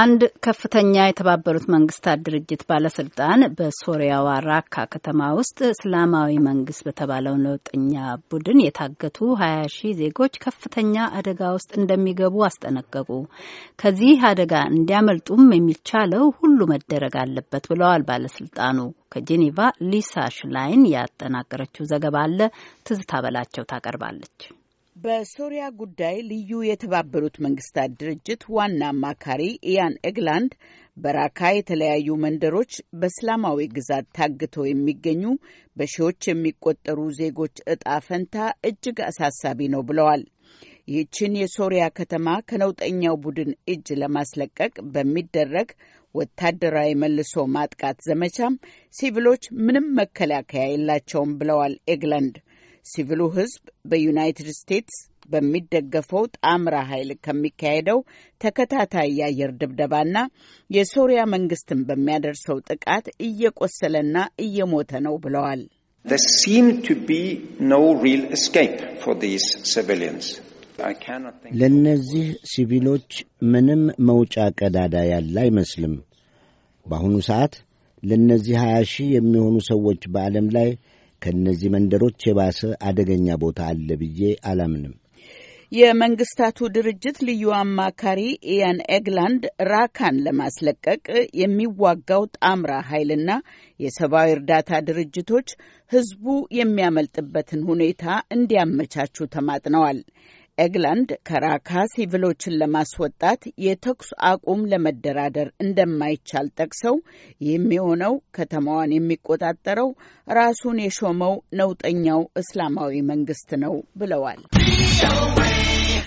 አንድ ከፍተኛ የተባበሩት መንግስታት ድርጅት ባለስልጣን በሶሪያዋ ራካ ከተማ ውስጥ እስላማዊ መንግስት በተባለው ነውጠኛ ቡድን የታገቱ ሀያ ሺህ ዜጎች ከፍተኛ አደጋ ውስጥ እንደሚገቡ አስጠነቀቁ። ከዚህ አደጋ እንዲያመልጡም የሚቻለው ሁሉ መደረግ አለበት ብለዋል ባለስልጣኑ። ከጄኔቫ ሊሳ ሽላይን ያጠናቀረችው ዘገባ አለ። ትዝታ በላቸው ታቀርባለች። በሶሪያ ጉዳይ ልዩ የተባበሩት መንግስታት ድርጅት ዋና አማካሪ ኢያን ኤግላንድ በራካ የተለያዩ መንደሮች በእስላማዊ ግዛት ታግተው የሚገኙ በሺዎች የሚቆጠሩ ዜጎች እጣ ፈንታ እጅግ አሳሳቢ ነው ብለዋል። ይህችን የሶሪያ ከተማ ከነውጠኛው ቡድን እጅ ለማስለቀቅ በሚደረግ ወታደራዊ መልሶ ማጥቃት ዘመቻም ሲቪሎች ምንም መከላከያ የላቸውም ብለዋል ኤግላንድ። ሲቪሉ ህዝብ በዩናይትድ ስቴትስ በሚደገፈው ጣምራ ኃይል ከሚካሄደው ተከታታይ የአየር ድብደባና የሶሪያ መንግስትን በሚያደርሰው ጥቃት እየቆሰለና እየሞተ ነው ብለዋል። ለእነዚህ ሲቪሎች ምንም መውጫ ቀዳዳ ያለ አይመስልም። በአሁኑ ሰዓት ለእነዚህ 20 ሺህ የሚሆኑ ሰዎች በዓለም ላይ ከእነዚህ መንደሮች የባሰ አደገኛ ቦታ አለ ብዬ አላምንም። የመንግስታቱ ድርጅት ልዩ አማካሪ ኢያን ኤግላንድ ራካን ለማስለቀቅ የሚዋጋው ጣምራ ኃይልና የሰብአዊ እርዳታ ድርጅቶች ህዝቡ የሚያመልጥበትን ሁኔታ እንዲያመቻቹ ተማጥነዋል። ኤግላንድ ከራካ ሲቪሎችን ለማስወጣት የተኩስ አቁም ለመደራደር እንደማይቻል ጠቅሰው ይህም የሆነው ከተማዋን የሚቆጣጠረው ራሱን የሾመው ነውጠኛው እስላማዊ መንግስት ነው ብለዋል።